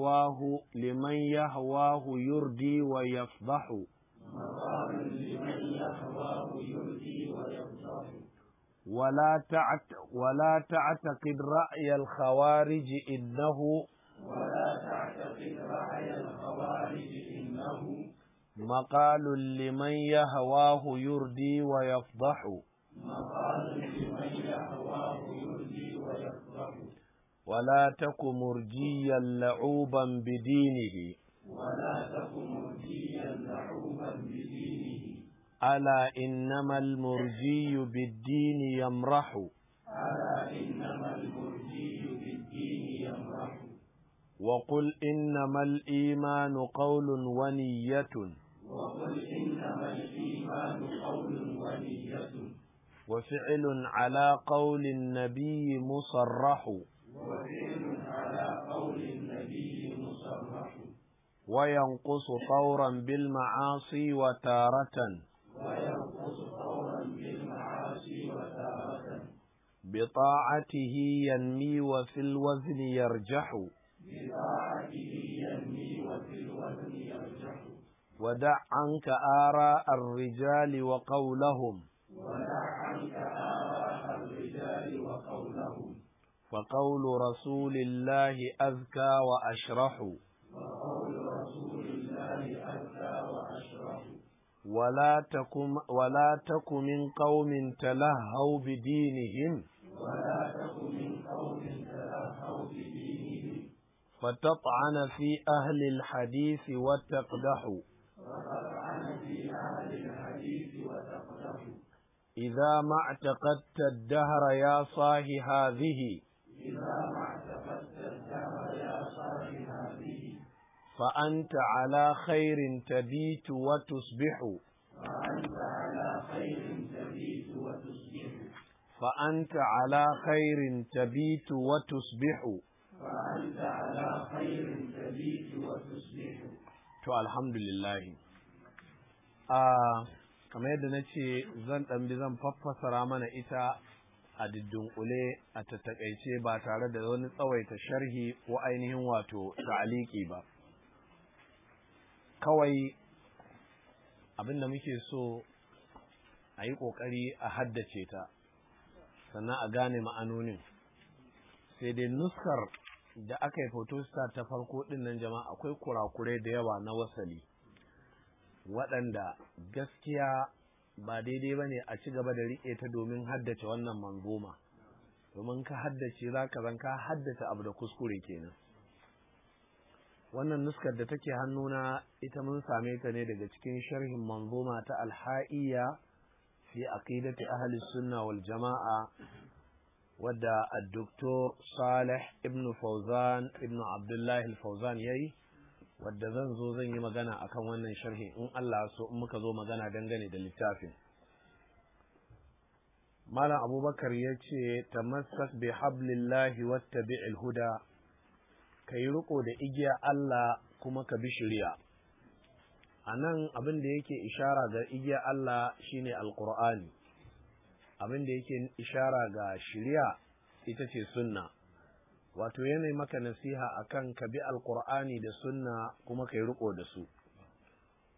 يهواه لمن يهواه يرضي ويفضح ولا تعت ولا تعتقد رأي الخوارج إنه ولا تعتقد رأي الخوارج إنه مقال لمن يهواه يردي ويفضح مقال لمن يهواه يردي ويفضح ولا تك مرجيا لعوبا بدينه ولا تك مرجيا لعوبا بدينه ألا إنما المرجي بالدين يمرح ألا إنما المرجي بالدين يمرح وقل إنما الإيمان قول ونية وقل إنما الإيمان قول ونية وفعل على قول النبي مصرح وينقص فورا بالمعاصي وتارة وينقص فورا بالمعاصي وتارة بطاعته ينمي وفي الوزن يرجح بطاعته ينمي وفي الوزن يرجح ودع عنك آراء الرجال وقولهم ودع عنك آراء الرجال وقولهم فقول رسول الله أذكى وأشرح وقول رسول الله أذكى وأشرح ولا تقم ولا تك من قوم تلهوا بدينهم ولا تك من قوم تلهوا بدينهم فتطعن في أهل الحديث وتقدح فتطعن في أهل الحديث وتقدح إذا ما اعتقدت الدهر يا صاح هذه فأنت على خير تبيت وتصبح فأنت على خير تبيت وتصبح فأنت على خير تبيت وتصبح تو الحمد لله تبيت كما يدنا alhamdulillahi a kamar yadda na ce zan a diddunkule a tattakaice ba tare da wani tsawaita sharhi ko ainihin wato ta'aliki ba kawai abin da muke so a yi ƙoƙari a haddace ta sannan a gane ma'anonin sai dai nuskar da aka yi photostar ta farko ɗin nan jama'a akwai kurakurai da yawa na wasali waɗanda gaskiya ba daidai ba ne a ci gaba da riƙe ta domin haddace wannan manzoma domin ka haddace za ka zan ka haddace abu da kuskure kenan wannan nuskar da take hannuna ita mun same ta ne daga cikin sharhin manzoma ta alha'iyya fi aqidati ahli sunna wal jama'a wadda ad-doktor Salih ibn Fawzan ibn Abdullahi al-Fawzan yayi wadda zan zo zan yi magana akan wannan sharhi in Allah so in muka zo magana dangane da littafin Malam Abubakar ya ce tamassak bi hablillahi wattabi'il huda kai riko da igiya Allah kuma ka bi shari'a a nan abin da yake ishara ga igiya Allah shine alqur'ani abin da yake ishara ga shari'a ita ce sunna wato yanayi maka nasiha akan ka bi alqur'ani da sunna kuma kai riko da su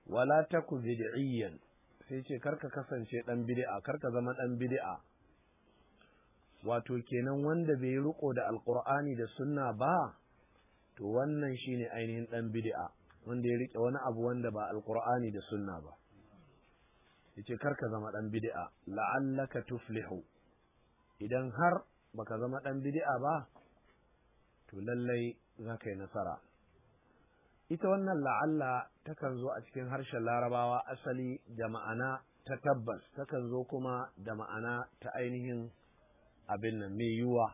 wala taku bid'iyyan sai ce karka kasance dan bid'a karka zama dan bid'a wato kenan wanda bai riko da alqur'ani da sunna ba to wannan shine ainihin dan bid'a wanda ya rike wani abu wanda ba alqur'ani da sunna ba yace karka zama dan bid'a la'allaka tuflihu idan har baka zama dan bid'a ba to lallai za ka yi nasara ita wannan la'alla takan zo a cikin harshen larabawa asali da ma'ana ta tabbas takan zo kuma da ma'ana ta ainihin abin nan mai yiwuwa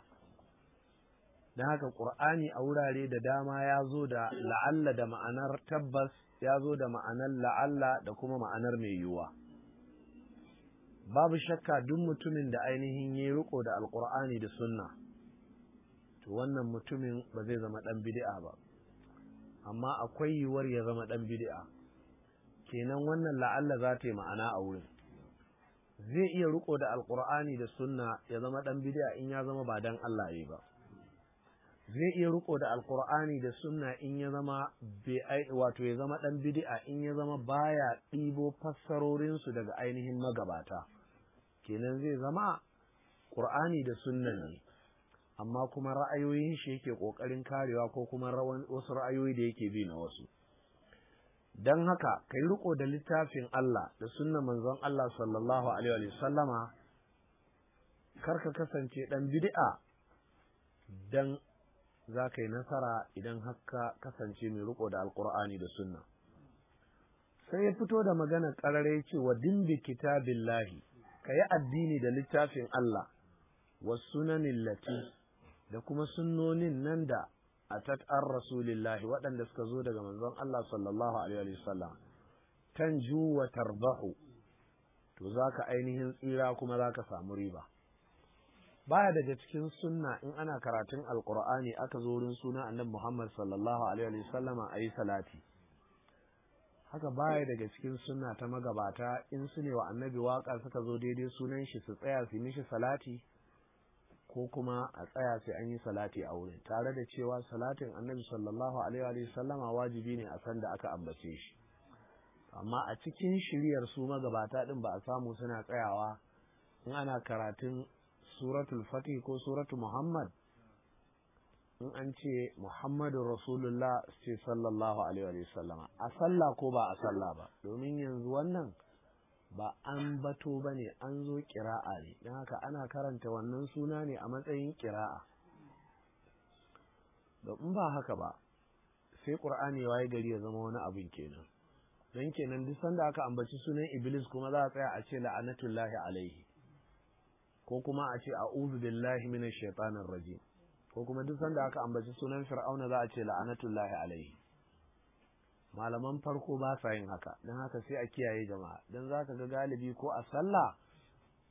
don haka ƙur'ani a wurare da dama ya zo da la'alla da ma'anar tabbas ya zo da ma'anar la'alla da kuma ma'anar mai yiwuwa babu shakka duk mutumin da ainihin ya yi riko da alƙur'ani da sunna wannan mutumin ba zai zama ɗan bidi'a ba amma akwai yiwuwar ya zama ɗan bidi'a. kenan wannan la'alla za ta yi ma'ana a wurin zai iya riko da alkur'ani da sunna ya zama ɗan bid'a in ya zama ba dan Allah yi ba zai iya riko da alkur'ani da sunna in ya zama wato ya zama ɗan bidi'a in ya zama baya ɗibo fassarorinsu daga ainihin magabata kenan zai zama ƙur'ani da sunna ne amma kuma ra'ayoyin shi yake ƙoƙarin karewa ko kuma rawan wasu ra'ayoyi da yake bi na wasu dan haka kai riko da littafin Allah da sunnan manzon Allah sallallahu alaihi wa sallama karka kasance dan bid'a dan za ka yi nasara idan haka kasance mai riko da alkur'ani da sunna sai ya fito da magana wa cewa dimbi kitabillahi ka yi addini da littafin Allah wa sunanin lati da kuma sunnonin nan da a an rasulillahi waɗanda suka zo daga manzon Allah sallallahu alaihi wasallam tanju wa tarbahu to zaka ainihin tsira kuma zaka samu riba baya daga cikin sunna in ana karatun alqur'ani aka zo wurin suna annabi Muhammad sallallahu alaihi a ayi salati haka baya daga cikin sunna ta magabata in su ne wa annabi waka suka zo daidai sunan shi su tsaya su yi mishi salati ko kuma a tsaya sai an yi salati a wurin tare da cewa salatin annabi sallallahu alaihi wa sallama wajibi ne a san da aka ambace shi amma a cikin shiryar su magabata din ba a samu suna tsayawa in ana karatun suratul fatih ko suratu muhammad in an ce muhammadu rasulullah sai sallallahu alaihi wa sallama a sallah ko ba a sallah ba domin yanzu wannan ba an bato ba ne an zo ƙira'a ne don haka ana karanta wannan suna ne a matsayin ƙira'a da in ba haka ba sai ƙur'ani waye gari ya zama wani abin kenan don kenan duk sanda aka ambaci sunan iblis kuma za a tsaya a ce la'anatullahi alaihi ko kuma a ce a'udhu billahi minash shaitanir rajim ko kuma duk sanda aka ambaci sunan fir'auna za a ce la'anatullahi alaihi malaman farko ba sa yin haka don haka sai a kiyaye jama'a don za ka ga galibi ko a sallah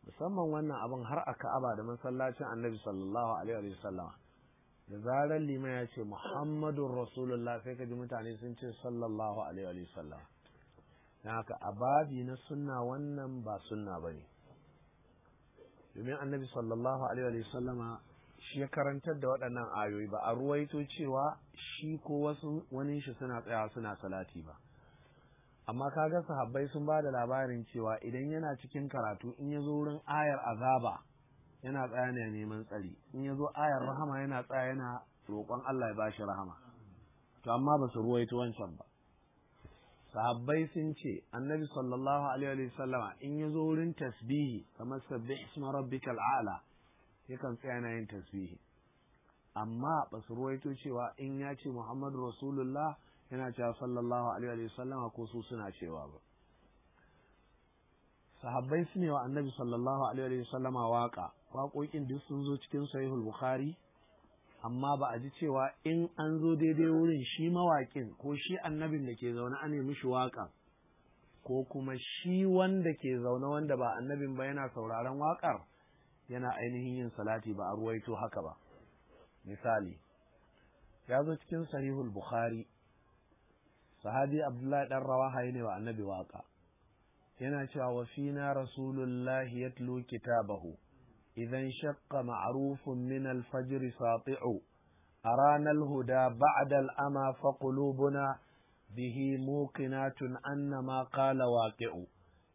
musamman wannan abin har a ka'aba da masallacin annabi sallallahu alaihi wa sallama da zarar liman ya ce muhammadun rasulullah sai ka ji mutane sun ce sallallahu alaihi wa sallama don haka a babi na sunna wannan ba sunna ba ne domin annabi sallallahu alaihi wa sallama ya karantar da waɗannan ayoyi ba a ruwaito cewa shi ko wasu wani shi suna tsaya suna salati ba amma ka ga sahabbai sun ba da labarin cewa idan yana cikin karatu in ya zo wurin ayar azaba yana tsaya ne neman tsari in ya zo ayar rahama yana tsaya yana roƙon Allah ya ba shi rahama to amma ba su ruwaito wancan ba sahabbai sun ce annabi sallallahu alaihi wa in ya zo wurin tasbihi kamar sabbih isma rabbikal a'la yakan tsaya na yin tasbihi amma basu ruwaito cewa in ya ce muhammadu rasulullah yana cewa sallallahu alaihi wa sallam ko su suna cewa ba sahabbai su ne wa annabi sallallahu alaihi wa sallam waƙa waƙoƙin duk sun zo cikin sahihul bukhari amma ba a ji cewa in an zo daidai wurin shi mawaƙin ko shi annabin da ke zaune an mishi waka ko kuma shi wanda ke zaune wanda ba annabin ba yana sauraron waƙar yana ainihin yin salati ba a ruwaito haka ba misali ya zo cikin sahihul bukhari sahabi abdullahi dan rawaha ne wa annabi waka yana cewa wa fina rasulullahi yatlu kitabahu idan shakka ma'rufun min al-fajr sati'u arana huda ba'da al-ama fa bihi muqinatun annama qala waqi'u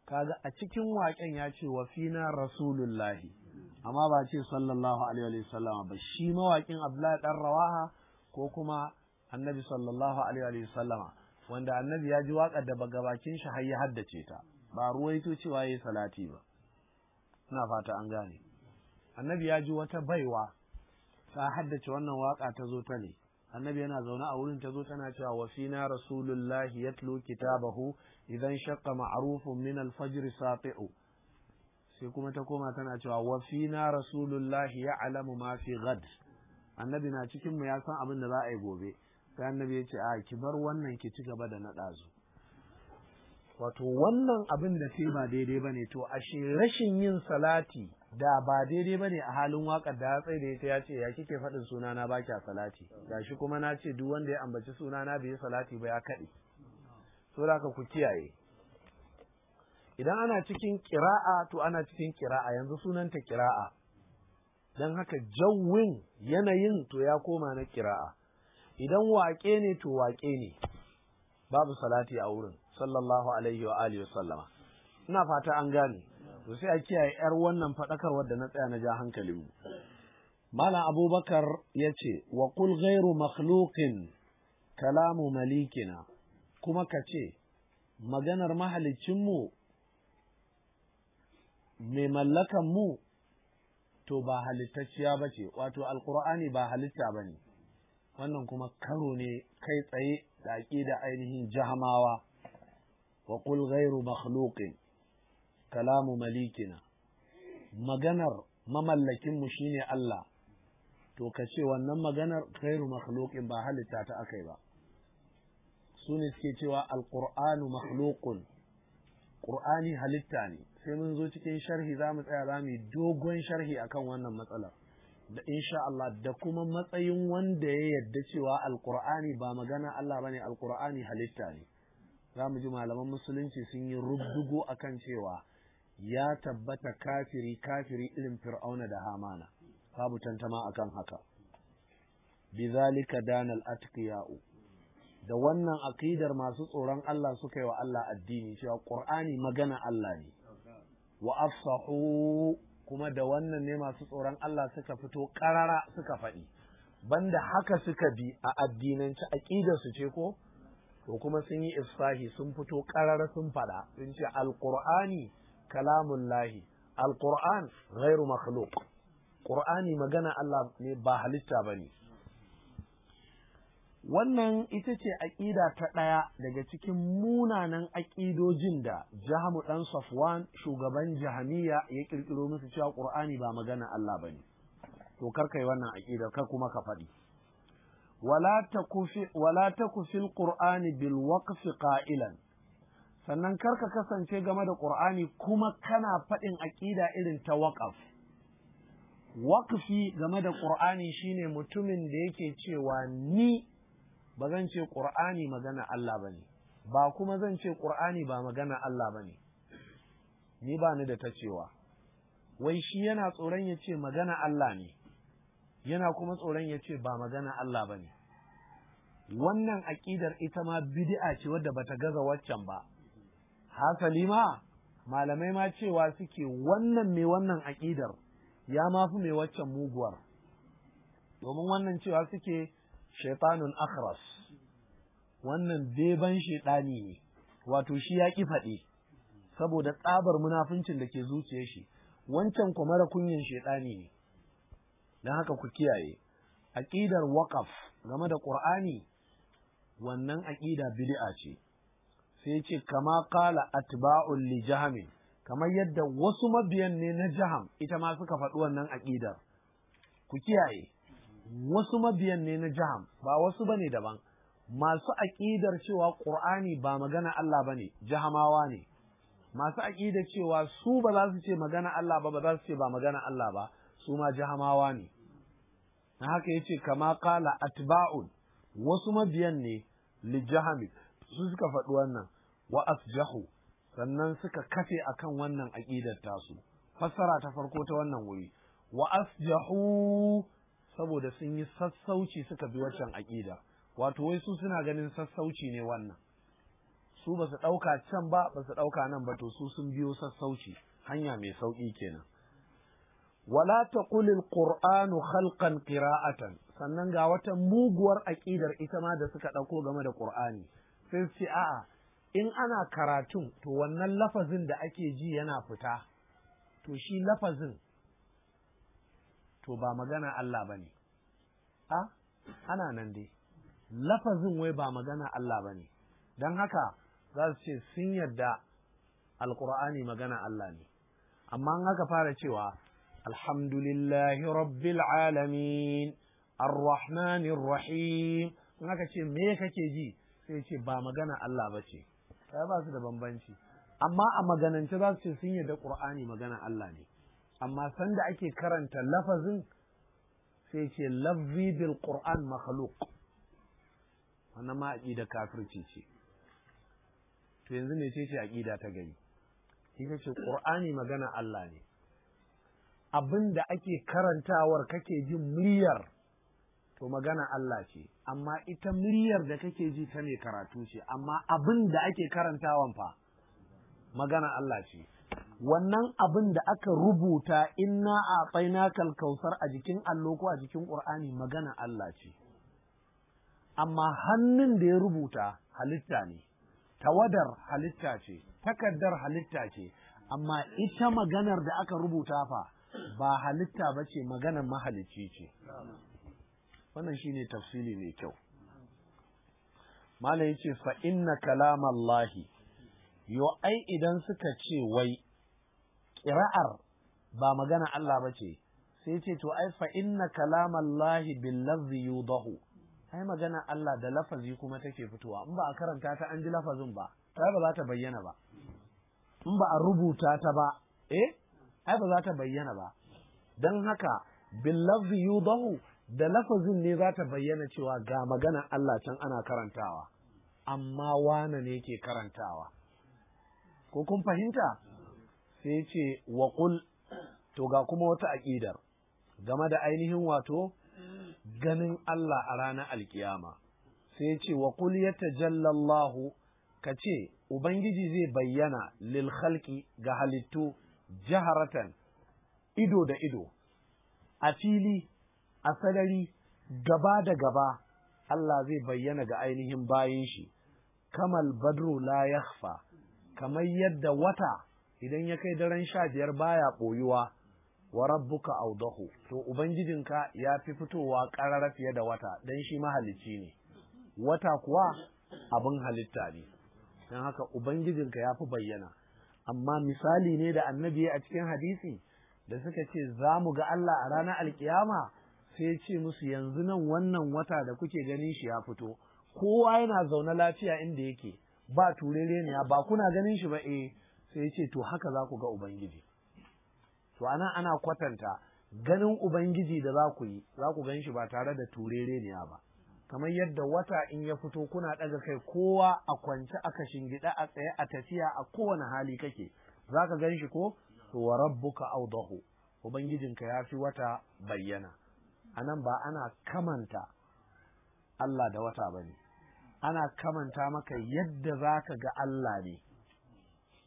kaga a cikin waƙen ya ce rasulullahi amma ba ce sallallahu alaihi wa sallam ba shi mawaƙin Abdullahi dan Rawaha ko kuma Annabi sallallahu alaihi wa sallam wanda Annabi ya ji waƙar da baga bakin shi har ya haddace ta ba ruwaito cewa yayi salati ba ina fata an gane Annabi ya ji wata baiwa ta haddace wannan waƙa ta zo ta ne annabi yana zaune a wurin ta zo tana cewa wa fina rasulullahi yatlu kitabahu idan shaqqa ma'rufun min al-fajr sati'u sai kuma ta koma tana cewa wa na rasulullahi ya alamu ma fi gad annabi na cikin mu ya san abin da za a yi gobe sai annabi ya ce a ki bar wannan ki ci gaba da naɗazu. wato wannan abin da sai ba daidai ba ne to ashe rashin yin salati da ba daidai ba ne a halin waƙar da ya tsaye da ita ya ce ya kike faɗin sunana ba kya salati shi kuma na ce duk wanda ya ambaci sunana bai yi salati ba ya kaɗe saboda haka ku kiyaye idan ana cikin kira'a to ana cikin kira'a yanzu sunanta kira'a don haka jawin yanayin to ya koma na kira'a idan waƙe ne to waƙe ne babu salati a wurin sallallahu alaihi wa alihi sallama ina fata an gane to sai a kiyaye yar wannan fadakar wadda na tsaya na ja hankalin mu malam abubakar ya ce wa qul ghairu makhluqin kalamu malikina kuma ka ce maganar mu mai mallakan mu to ba halittacciya ba ce wato alkur'ani ba halitta ba ne wannan kuma karo ne kai tsaye da da ainihin jahamawa wa qul ghairu makhluqin kalamu malikina maganar mamallakin mu shine Allah to ka ce wannan maganar ghairu makhluqin ba halitta ta akai ba su ne suke cewa alkur'anu makhluqun ƙur'ani halitta ne sai mun zo cikin sharhi za mu tsaya za mu yi dogon sharhi akan wannan matsalar da insha Allah da kuma matsayin wanda ya yadda cewa alƙur'ani ba magana Allah bane alƙur'ani halitta ne za mu ji malaman musulunci sun yi rubdugo akan cewa ya tabbata kafiri kafiri irin fir'auna da hamana babu tantama akan haka bizalika danal atqiya'u da wannan aqidar masu tsoron Allah suka yi wa Allah addini cewa Qur'ani magana Allah ne wa afsahu kuma da wannan ne masu tsoron Allah suka fito karara suka faɗi banda haka suka bi a addinanci aqidar su ce ko to kuma sun yi ifsahi sun fito karara sun faɗa sun ce alqur'ani kalamullahi alqur'an ghairu makhluq qur'ani magana Allah ne ba halitta bane wannan ita ce aƙida ta ɗaya daga cikin munanan aƙidojin da jahamu ɗan safwan shugaban jahamiya ya ƙirƙiro musu cewa ƙur'ani ba magana Allah ba ne to kar yi wannan aƙidar, kar kuma ka faɗi wala ta kufil ƙur'ani bil waqfi qa'ilan sannan kar ka kasance game da ƙur'ani kuma kana faɗin aƙida irin ta waƙaf waƙfi game da ƙur'ani shine mutumin da yake cewa ni ba zan ce ƙur'ani magana Allah ba ba kuma zan ce ƙur'ani ba magana Allah ba ni ba ni da ta cewa wai shi yana tsoron ya ce magana Allah ne yana kuma tsoron ya ce ba magana Allah ba wannan aƙidar ita ma bid'a ce wadda ba ta gaza waccan ba hasali ma malamai ma cewa suke wannan mai wannan aƙidar ya mafi mai waccan muguwar domin wannan cewa suke shaitanun akhras wannan beban shaitani ne wato shi ya ƙi faɗi saboda tsabar munafincin da ke zuciyar shi wancan kuma mara kunyan shaitani ne don haka ku kiyaye aƙidar waƙaf game da ƙur'ani wannan aƙida bid'a ce sai ce kama kala atba'un li jahamin kamar yadda wasu mabiyan ne na jaham ita ma suka faɗi wannan aƙidar ku kiyaye wasu mabiyan ne na jiham, ba wasu bane daban masu aƙidar cewa ƙur'ani ba magana Allah ba ne, jahamawa ne masu aƙidar cewa su ba za su ce magana Allah ba ba za su ce ba magana Allah ba su ma jahamawa ne na haka ya ce kama kala atba'un wasu mabiyan ne li jahami su suka faɗi wannan wa asjahu sannan suka kafe akan wannan aƙidar tasu fassara ta farko ta wannan wuri wa asjahu saboda sun yi sassauci suka bi waccan aƙida wato wai su suna ganin sassauci ne wannan su ba su ɗauka can ba ba su ɗauka nan ba to su sun biyo sassauci hanya mai sauƙi kenan wala taqulil qur'anu khalqan qira'atan sannan ga wata muguwar aƙidar ita ma da suka ɗauko game da qur'ani sai su a'a in ana karatun to wannan lafazin da ake ji yana fita to shi lafazin to ba magana Allah bane. ne a ana nan dai lafazin wai ba magana Allah bane. ne don haka za su ce sun yarda alkur'ani magana Allah ne amma an haka fara cewa alhamdulillahi rabbil alamin arrahmanir rahim in haka ce me kake ji sai ce ba magana Allah bace. ce ba su da bambanci amma a maganance za su ce sun yarda qur'ani magana Allah ne amma sanda ake karanta lafazin sai ce lafzi bil qur'an makhluq wannan ma aqida kafirci ce to yanzu ne ce aqida ta gari ita ce qur'ani magana Allah ne Abinda ake karantawar kake jin muryar to magana Allah ce amma ita muryar da kake ji ta ne karatu ce amma abin da ake karantawan fa magana Allah ce wannan abin da aka rubuta inna a tsaina kalkausar a jikin allo ko a jikin ƙur'ani magana Allah ce amma hannun da ya rubuta halitta ne tawadar halitta ce takardar halitta ce amma ita maganar da aka rubuta fa ba halitta ba ce maganar mahalicci ce wannan shi ne tafsili mai kyau Malam ya ce fa inna kalamallahi yo ai idan suka ce wai ƙira'ar ba magana Allah ba ce sai ce to ai fa inna Allah bil lafzi yudahu ai magana Allah da lafazi kuma take fitowa in ba a karanta ta an ji lafazin ba ta ba za ta bayyana ba in ba a rubuta ta ba eh ai ba za ta bayyana ba don haka bil lafzi yudahu da lafazin ne za ta bayyana cewa ga magana Allah can ana karantawa amma wane ne ke karantawa ko kun fahimta sai ce wa to ga kuma wata aƙidar game da ainihin wato ganin Allah a ranar alkiyama sai ce wa ya yatajallallahu ka ce ubangiji zai bayyana lil khalqi ga halittu jaharatan ido da ido a fili a sarari gaba da gaba Allah zai bayyana ga ainihin bayin shi kamal badru la yakhfa kamar yadda wata idan ya kai daren sha biyar baya ɓoyuwa wa rabbuka audahu to ubangijinka ya fi fitowa ƙarara fiye da wata dan shi mahalicci ne wata kuwa abin halitta ne don haka ubangijinka ya fi bayyana amma misali ne da annabi a cikin hadisi da suka ce za mu ga Allah a ranar alkiyama sai ya ce musu yanzu nan wannan wata da kuke ganin shi ya fito kowa yana zaune lafiya inda yake ba turere ne ba kuna ganin shi ba eh sai ce to haka za ku ga ubangiji to ana ana kwatanta ganin ubangiji da za ku yi za ku gan shi ba tare da turereniya ba kamar yadda wata in ya fito kuna ɗaga kai kowa a kwance aka gida a tsaye a tafiya a kowane hali kake za ka gan shi ko wa rabbuka awdahu ubangijinka ya fi wata bayyana anan ba ana kamanta Allah da wata ba ne ana kamanta maka yadda za ka ga Allah ne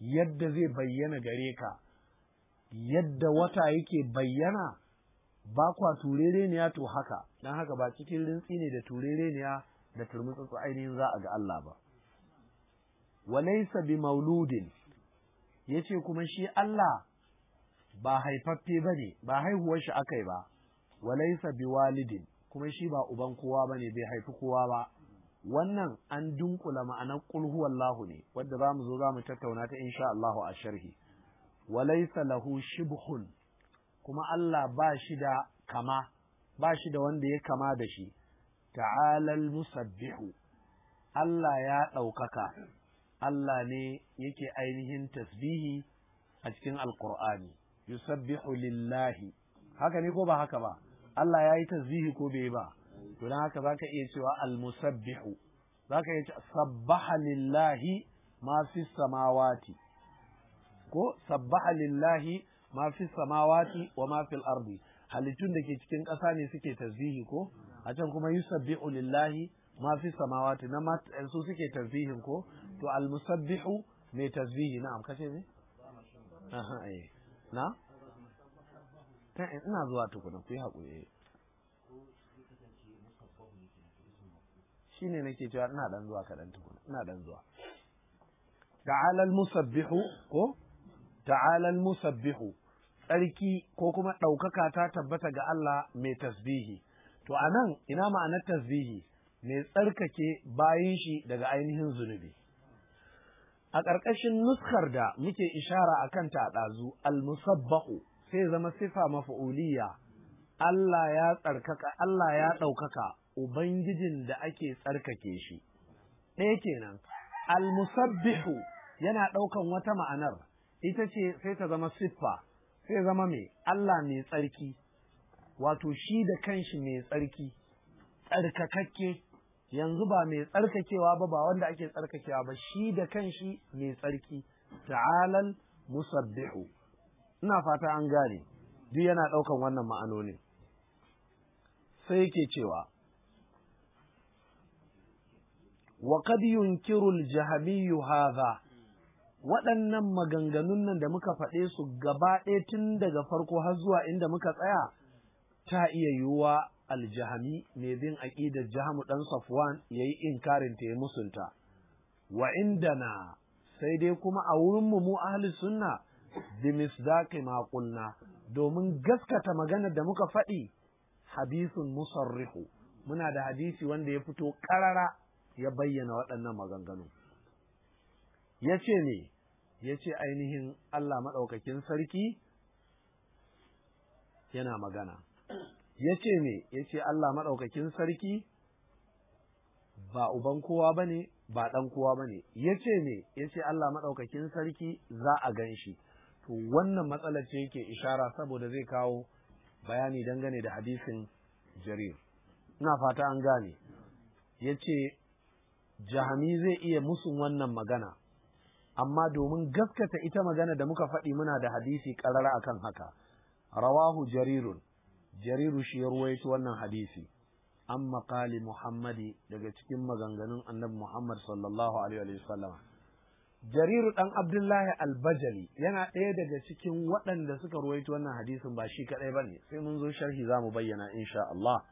yadda zai bayyana gare ka yadda wata yake bayyana ba kwa turereniya to haka don haka ba cikin rintsi ne da turereniya da turmutsatsu ainihin za a ga Allah ba walaisa bi mauludin ya ce kuma shi Allah ba haifaffe ba ne ba haihuwar shi aka yi ba walaisa bi walidin kuma shi ba uban kowa ba ne bai haifi kowa ba wannan an dunkula ma'anar qul huwallahu ne wadda zamu zo zamu tattauna ta insha Allahu a sharhi walaysa lahu shibhun kuma Allah ba shi da kama ba shi da wanda ya kama da shi ta'alal musabbihu Allah ya ɗaukaka Allah ne yake ainihin tasbihi a cikin alkur'ani yusabbihu lillahi haka ne ko ba haka ba Allah ya yi tasbihi ko bai ba to don haka zaka iya cewa al-musabbihu zaka iya cewa sabbaha lillahi ma fi samawati ko sabbaha lillahi ma fi samawati wa ma fil ardi halittun da ke cikin ƙasa ne suke tasbihi ko a can kuma yusabbihu lillahi ma fi samawati na su suke tasbihin ko to al musabbihu mai tazihi na'am kace ne eh. na ina zuwa tukuna ku yi haƙuri eh. shine nake cewa ina dan zuwa kaɗan tukuna ina dan zuwa ta'ala al-musabbihu ko ta'ala al-musabbihu tsarki ko kuma ɗaukaka ta tabbata ga Allah mai tasbihi to anan ina ma'anar tasbihi mai tsarkake bayan shi daga ainihin zunubi a ƙarƙashin nuskar da muke ishara a kanta a ɗazu al-musabbahu sai zama sifa mafa'uliya Allah ya tsarkaka Allah ya ɗaukaka ubangijin da ake tsarkake shi ɗaya kenan al-musabbihu yana ɗaukan wata ma'anar ita ce sai ta zama siffa sai zama mai Allah mai tsarki wato shi da kanshi mai tsarki tsarkakakke yanzu ba mai tsarkakewa ba ba wanda ake tsarkakewa ba shi da kanshi mai tsarki ta'alal musabbihu ina fata an gane duk yana ɗaukan wannan ma'anoni sai yake cewa wa qad yunkiru al-jahmiyyu hadha waɗannan maganganun nan da muka faɗe su gaba ɗaya tun daga farko har zuwa inda muka tsaya ta iya yiwuwa aljahami mai bin aƙidar jahamu ɗan safwan ya yi inkarin ta ya musunta wa indana sai dai kuma a wurinmu mu ahli sunna bi misdaqi ma qulna domin gaskata maganar da muka faɗi hadisun musarrihu muna da hadisi wanda ya fito karara ya bayyana waɗannan maganganu ya ce ne ya ce ainihin Allah maɗaukakin sarki yana magana ya ce ne ya ce Allah maɗaukakin sarki ba uban kowa ba ne ba ɗan kowa ba ne ya ce ne ya ce Allah maɗaukakin sarki za a gan shi to wannan matsalar ce yake ishara saboda zai kawo bayani dangane da hadisin jarir ina fata an gane ya ce jahami zai iya musun wannan magana amma domin gaskata ita magana da muka faɗi muna da hadisi ƙarara akan haka rawahu jarirun jariru shi ya ruwaito wannan hadisi an maƙali muhammadi daga cikin maganganun annabi muhammad sallallahu alaihi wa sallam jariru ɗan abdullahi albajali yana ɗaya daga cikin waɗanda suka ruwaito wannan hadisin ba shi kaɗai ba ne sai mun zo sharhi za mu bayyana insha Allah